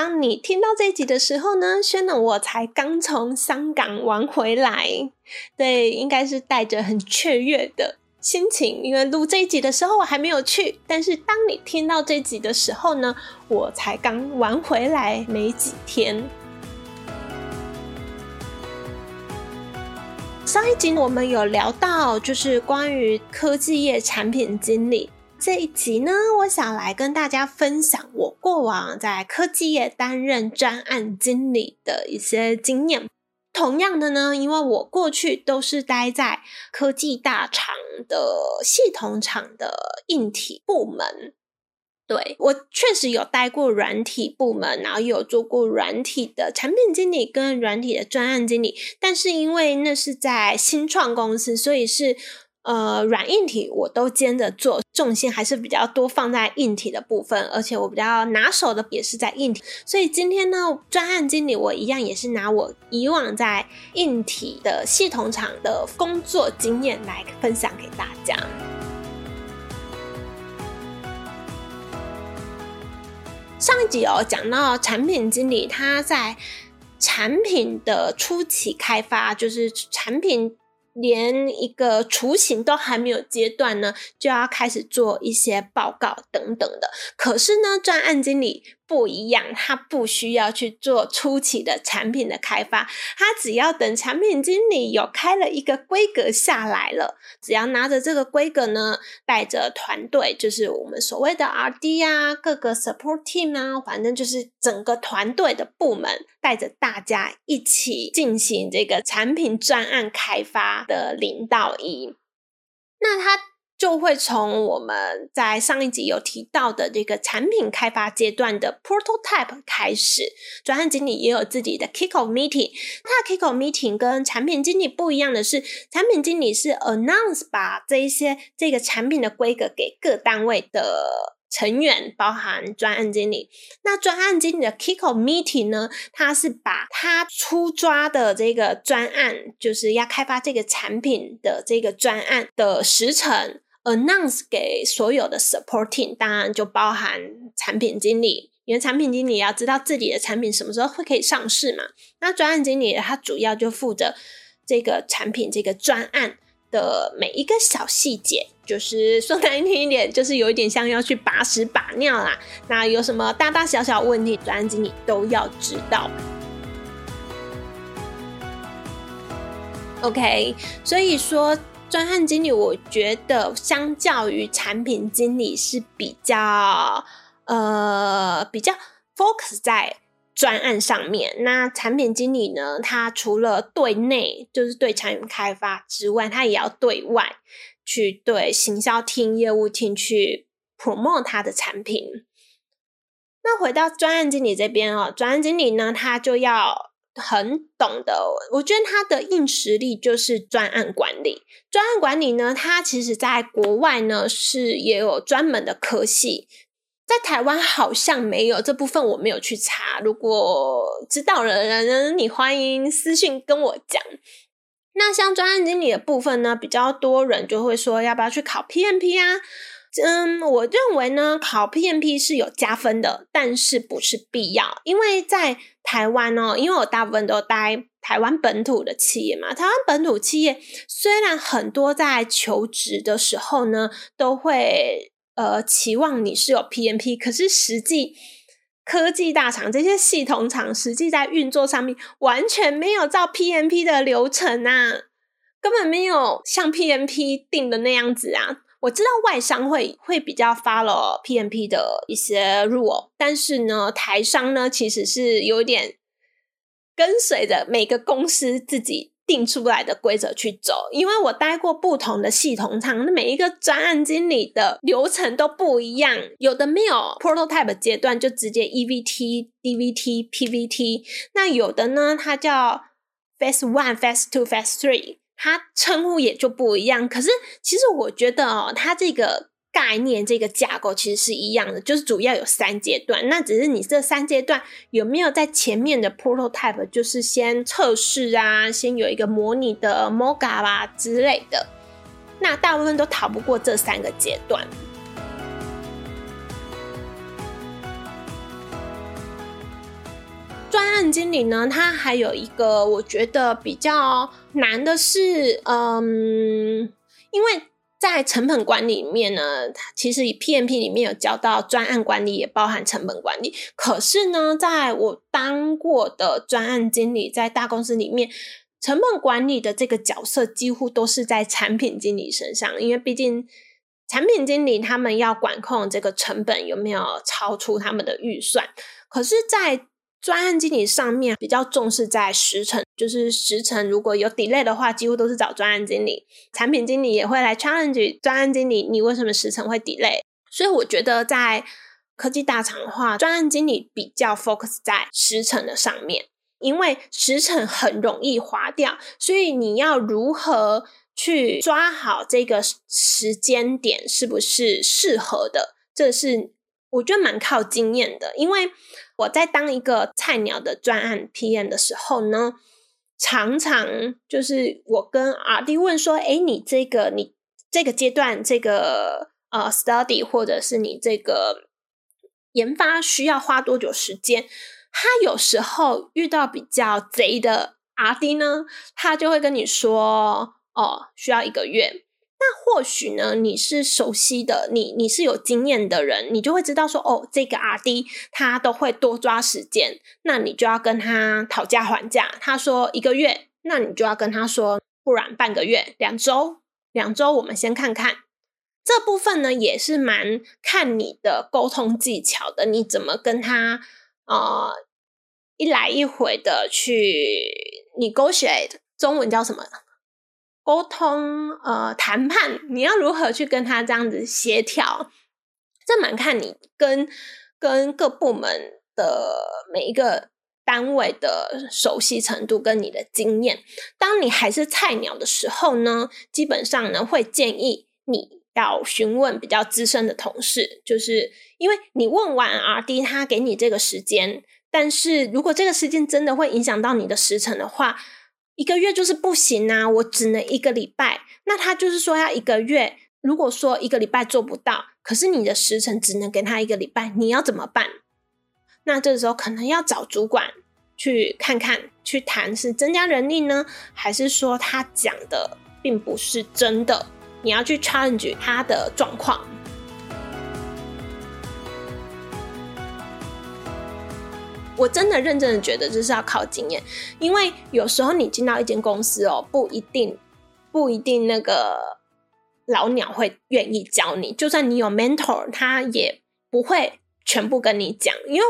當你聽到這集的時候呢，宣我才剛從香港玩回來，對，應該是帶着很雀躍的心情，因為錄這集的時候我還沒有去。但是當你聽到這集的時候呢，我才剛玩回來沒幾天。上一集我們有聊到，就是關於科技業產品經理。這一集呢，我想來跟大家分享我過往在科技業擔任專案經理的一些經驗。同樣的呢，因為我過去都是待在科技大廠的系統廠的硬體部門，對，我確實有待過軟體部門，然後有做過軟體的產品經理跟軟體的專案經理，但是因為那是在新創公司，所以是。呃，軟硬體我都兼着做，重心還是比較多放在硬體的部分，而且我比較拿手的也是在硬體。所以今天呢，專案經理我一樣也是拿我以往在硬體的系統廠的工作經驗來分享給大家。上一集哦，講到產品經理他在產品的初期開發，就是產品。連一個雛形都還沒有階段呢，就要開始做一些報告等等的。可是呢，專案經理，不一樣，他不需要去做初期的產品的開發，他只要等產品經理有開了一個規格下來了，只要拿着這個規格呢，帶着團隊，就是我們所謂的 R D 啊，各個 Support Team 啊，反正就是整個團隊的部門，帶着大家一起進行這個產品專案開發的零到一，那他。就會從我們在上一集有提到的這個產品開發階段的 prototype 開始。專案經理也有自己的 kick-off meeting。那 kick-off meeting 跟產品經理不一樣的是，產品經理是 announce 把這一些這個產品的規格給各單位的成員，包含專案經理。那專案經理的 kick-off meeting 呢，他是把他初抓的這個專案，就是要開發這個產品的這個專案的時程。Announce 給所有的 supporting，當然就包含產品經理。因為產品經理要知道自己的產品什麼時候會可以上市嘛。那專案經理他主要就負責這個產品這個專案的每一個小細節，就是說難聽一點，就是有一點像要去把屎把尿啦。那有什麼大大小小問題，專案經理都要知道。OK，所以說。專案經理，我覺得相較於產品經理是比較呃比較 focus 在專案上面。那產品經理呢，他除了對內就是對產品開發之外，他也要對外去對行銷廳、業務廳去 promote 他的產品。那回到專案經理這邊哦，專案經理呢，他就要。很懂得，我覺得他的硬實力就是專案管理。專案管理呢，它其實在國外呢是也有專門的科系，在台灣好像沒有這部分，我沒有去查。如果知道的人，你歡迎私訊跟我講。那像專案經理的部分呢，比較多人就會說，要不要去考 PMP 啊？嗯，我認為呢，考 PMP 是有加分的，但是不是必要。因為在台灣呢、喔，因為我大部分都待台灣本土的企業嘛，台灣本土企業雖然很多在求職的時候呢，都會呃期望你是有 PMP，可是實際科技大廠這些系統廠，實際在運作上面完全沒有照 PMP 的流程啊，根本沒有像 PMP 定的那樣子啊。我知道外商會會比較 follow PMP 的一些 rule，但是呢，台商呢其實是有點跟隨着每個公司自己定出來的規則去走。因為我待過不同的系統廠，那每一個專案經理的流程都不一樣，有的沒有 prototype 階段就直接 EVT、DVT、PVT，那有的呢它叫 Phase One、Phase Two、Phase Three。它稱呼也就不一樣，可是其實我覺得哦、喔，它這個概念、這個架構其實是一樣的，就是主要有三階段。那只是你這三階段有沒有在前面的 prototype，就是先測試啊，先有一個模擬的 mockup 啦之類的。那大部分都逃不過這三個階段。專案經理呢，他還有一個我覺得比較難的是，嗯，因為在成本管理裡面呢，其實以 PMP 裡面有教到專案管理也包含成本管理。可是呢，在我當過的專案經理，在大公司裡面，成本管理的這個角色幾乎都是在產品經理身上，因為畢竟產品經理他們要管控這個成本有沒有超出他們的預算。可是，在專案經理上面比較重視在時程，就是時程如果有 delay 的話，幾乎都是找專案經理。產品經理也會來 challenge 專案經理，你為什麼時程會 delay？所以我覺得在科技大廠的話，專案經理比較 focus 在時程的上面，因為時程很容易滑掉，所以你要如何去抓好這個時間點是不是適合的，這是。我覺得蠻靠經驗的，因為我在當一個菜鳥的專案 PM 的時候呢，常常就是我跟 RD 問說：“哎，你這個你這個階段這個呃 study 或者是你這個研發需要花多久時間？”他有時候遇到比較賊的 RD 呢，他就會跟你說：“哦，需要一個月。”那或許呢，你是熟悉的，你你是有經驗的人，你就會知道說，哦，這個 RD 他都會多抓時間，那你就要跟他討價還價。他說一個月，那你就要跟他說，不然半個月、兩週、兩週我們先看看。這部分呢，也是蠻看你的溝通技巧的，你怎麼跟他啊、呃、一來一回的去 negotiate，中文叫什麼？溝通，呃，談判，你要如何去跟他這樣子協調？這蠻看你跟跟各部門的每一個單位的熟悉程度跟你的經驗。當你還是菜鳥的時候呢，基本上呢會建議你要詢問比較資深的同事，就是因為你問完 RD，他給你這個時間，但是如果這個時間真的會影響到你的時程的話。一個月就是不行啊，我只能一個禮拜。那他就是說要一個月，如果說一個禮拜做不到，可是你的時程只能給他一個禮拜，你要怎麼辦？那這個時候可能要找主管去看看，去談是增加人力呢，還是說他講的並不是真的？你要去 challenge 他的狀況。我真的認真的覺得就是要靠經驗，因為有時候你進到一間公司哦，不一定不一定那個老鳥會願意教你，就算你有 mentor，他也不會全部跟你講，因為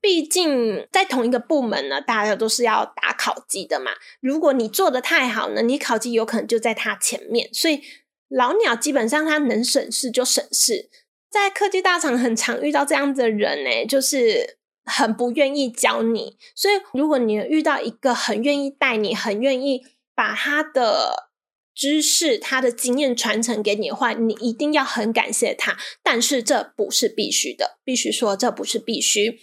畢竟在同一個部門呢，大家都是要打考績的嘛。如果你做得太好呢，你考績有可能就在他前面，所以老鳥基本上他能省事就省事，在科技大廠很常遇到這樣子的人呢，就是。很不願意教你，所以如果你遇到一個很願意帶你、很願意把他的知識、他的經驗傳承給你的話，你一定要很感謝他。但是這不是必須的，必須說這不是必須。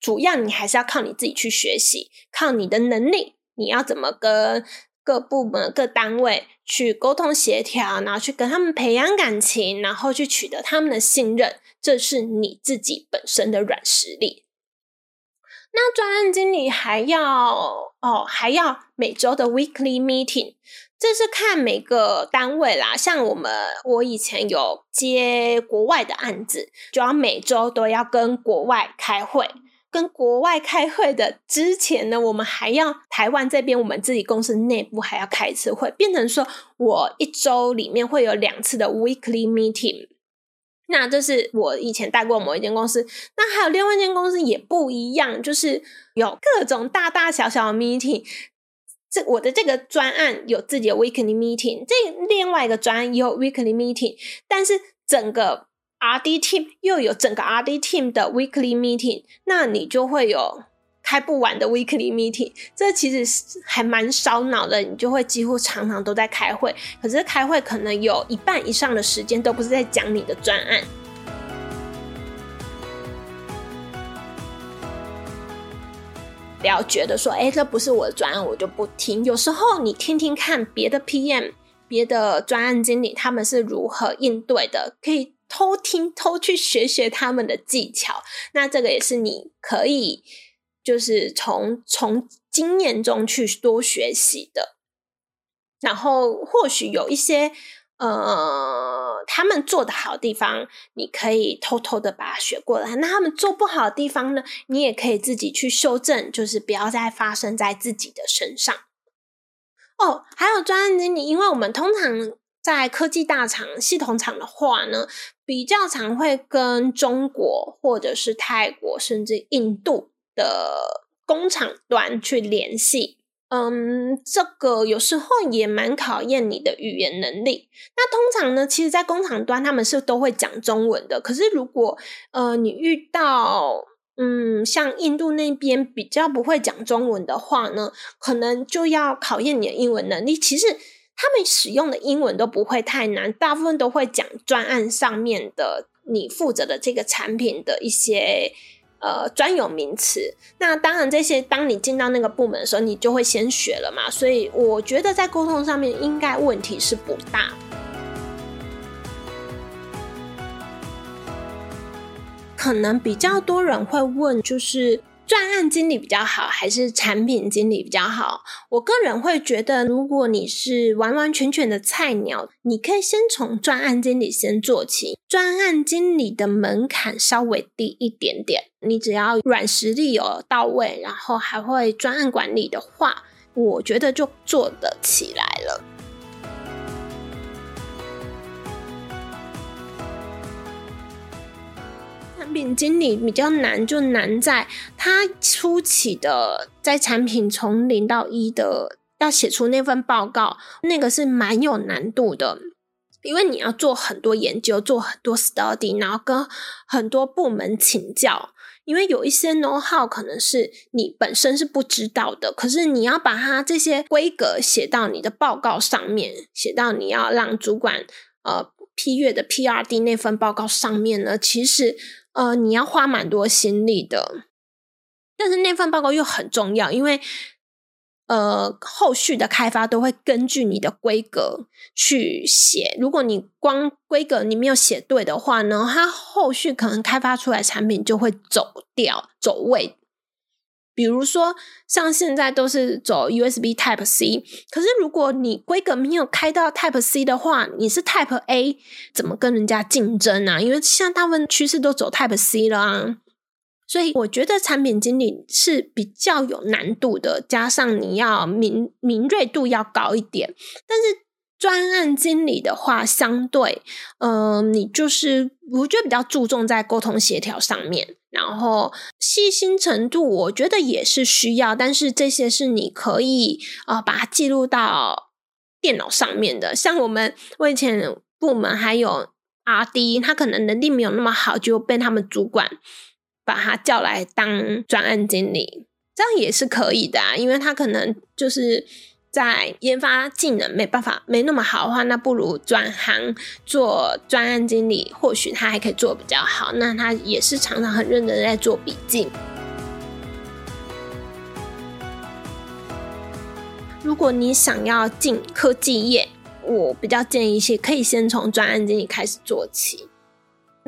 主要你還是要靠你自己去學習，靠你的能力。你要怎麼跟各部門、各單位去溝通協調，然後去跟他們培養感情，然後去取得他們的信任，這是你自己本身的軟實力。那專案經理還要哦，還要每周的 weekly meeting，這是看每個單位啦。像我們，我以前有接國外的案子，就要每周都要跟國外開會。跟國外開會的之前呢，我們還要台灣這邊我們自己公司內部還要開一次會，變成說我一周裡面會有兩次的 weekly meeting。那這是我以前待過某一間公司，那還有另外一間公司也不一樣，就是有各種大大小小的 meeting。這我的這個專案有自己的 weekly meeting，這另外一個專案也有 weekly meeting，但是整個 R&D team 又有整個 R&D team 的 weekly meeting，那你就會有。開不完的 weekly meeting，這其實還蠻燒腦的。你就會幾乎常常都在開會，可是開會可能有一半以上的時間都不是在講你的專案。不要覺得說，誒、欸，這不是我的專案，我就不聽。有時候你聽聽看別的 PM、別的專案經理，他們是如何應對的，可以偷聽、偷去學學他們的技巧。那這個也是你可以。就是從從經驗中去多學習的，然後或許有一些呃他們做的好地方，你可以偷偷的把它學過來。那他們做不好的地方呢，你也可以自己去修正，就是不要再發生在自己的身上。哦，還有專案經理，因為我們通常在科技大廠、系統廠的話呢，比較常會跟中國或者是泰國甚至印度。的工廠端去聯繫，嗯，這個有時候也蠻考驗你的語言能力。那通常呢，其實，在工廠端他們是都會講中文的。可是，如果呃，你遇到嗯，像印度那邊比較不會講中文的話呢，可能就要考驗你的英文能力。其實，他們使用的英文都不會太難，大部分都會講專案上面的你負責的這個產品的一些。呃，專有名詞，那當然這些，當你進到那個部門的時候，你就會先學了嘛，所以我覺得在溝通上面應該問題是不大。可能比較多人會問，就是。專案經理比較好，還是產品經理比較好？我個人會覺得，如果你是完完全全的菜鳥，你可以先從專案經理先做起。專案經理的門檻稍微低一點點，你只要軟實力有到位，然後還會專案管理的話，我覺得就做得起來了。產品經理比較難，就難在他初期的在產品從零到一的要寫出那份報告，那個是蠻有難度的，因為你要做很多研究，做很多 study，然後跟很多部門請教，因為有一些 know-how 可能是你本身是不知道的，可是你要把它這些規格寫到你的報告上面，寫到你要讓主管呃批閱的 PRD 那份報告上面呢，其實。呃，你要花蠻多心力的，但是那份報告又很重要，因為呃，後續的開發都會根據你的規格去寫。如果你光規格你沒有寫對的話呢，它後續可能開發出來產品就會走掉、走位。比如說，像現在都是走 USB Type C，可是如果你規格沒有開到 Type C 的話，你是 Type A 怎麼跟人家競爭啊？因為現在大部分趨勢都走 Type C 了啊，所以我覺得產品經理是比較有難度的，加上你要敏敏銳度要高一點，但是。專案經理的話，相對，嗯、呃，你就是我覺得比較注重在溝通協調上面，然後細心程度，我覺得也是需要，但是這些是你可以啊、呃，把它記錄到電腦上面的。像我們我以前部門還有 RD，他可能能力沒有那麼好，就被他們主管把他叫來當專案經理，這樣也是可以的、啊，因為他可能就是。在研發技能沒辦法，沒那麼好的話，那不如轉行做專案經理，或許他還可以做得比較好。那他也是常常很認真在做筆記。如果你想要進科技業，我比較建議是可以先從專案經理開始做起。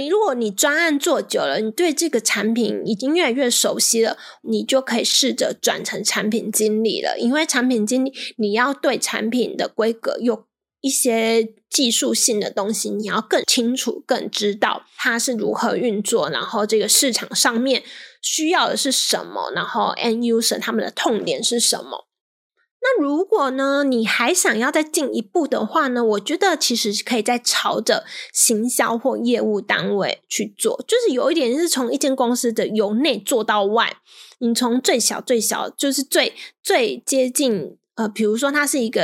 你如果你專案做久了，你對這個產品已經越來越熟悉了，你就可以試着轉成產品經理了。因為產品經理，你要對產品的規格，有一些技術性的東西，你要更清楚、更知道它是如何運作，然後這個市場上面需要的是什麼，然後 end user 他們的痛點是什麼。那如果呢，你還想要再進一步的話呢，我覺得其實是可以再朝着行銷或業務單位去做。就是有一點是從一間公司的由內做到外。你從最小最小，就是最最接近呃，比如說它是一個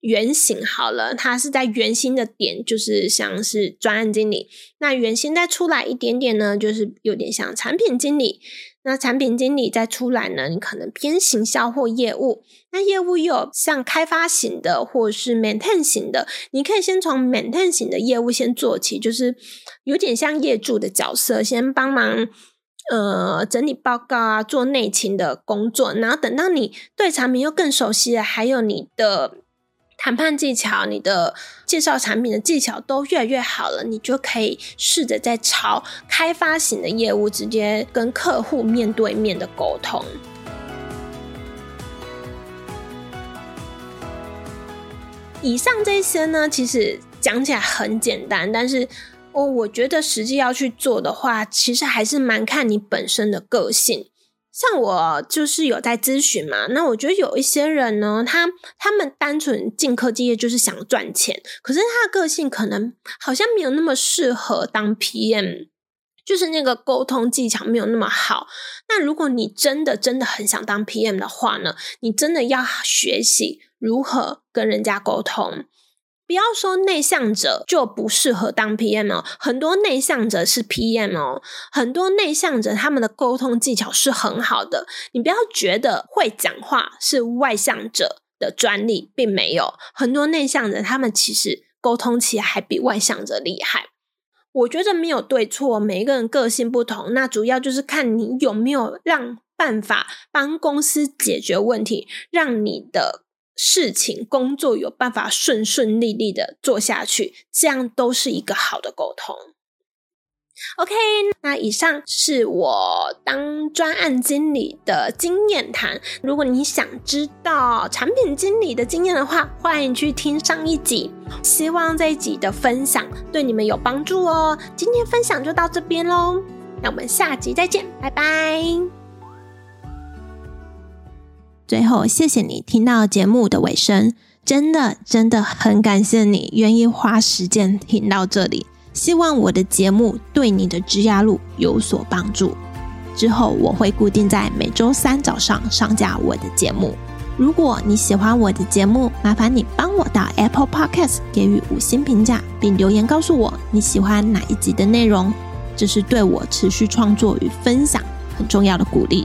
圓形好了，它是在圓心的點，就是像是專案經理。那圓心再出來一點點呢，就是有點像產品經理。那產品經理再出來呢？你可能偏行銷或業務。那業務又有像開發型的，或是 maintain 型的。你可以先從 maintain 型的業務先做起，就是有點像業主的角色，先幫忙呃整理報告啊，做內勤的工作。然後等到你對產品又更熟悉了，還有你的。談判技巧、你的介紹產品的技巧都越來越好了，你就可以試着在朝開發型的業務直接跟客戶面對面的溝通。以上這些呢，其實講起來很簡單，但是哦，我覺得實際要去做的話，其實還是蠻看你本身的個性。像我就是有在諮詢嘛，那我覺得有一些人呢，他他們單純進科技業就是想賺錢，可是他的個性可能好像沒有那麼適合當 PM，就是那個溝通技巧沒有那麼好。那如果你真的真的很想當 PM 的話呢，你真的要學習如何跟人家溝通。不要說內向者就不適合當 PM 哦，很多內向者是 PM 哦，很多內向者他們的溝通技巧是很好的。你不要覺得會講話是外向者的專利，並沒有。很多內向者他們其實溝通起來還比外向者厲害。我覺得沒有對錯，每一個人個性不同，那主要就是看你有沒有讓辦法幫公司解決問題，讓你的。事情工作有辦法順順利利的做下去，這樣都是一個好的溝通。OK，那以上是我當專案經理的經驗談。如果你想知道產品經理的經驗的話，歡迎去聽上一集。希望這一集的分享對你們有幫助哦。今天分享就到這邊嘍，那我們下集再見，拜拜。最後，謝謝你聽到節目的尾聲，真的真的很感謝你願意花時間聽到這裡。希望我的節目對你的職涯路有所幫助。之後我會固定在每周三早上上架我的節目。如果你喜歡我的節目，麻煩你幫我到 Apple Podcast 給予五星評價，並留言告訴我你喜歡哪一集的內容。這是對我持續創作與分享很重要的鼓勵。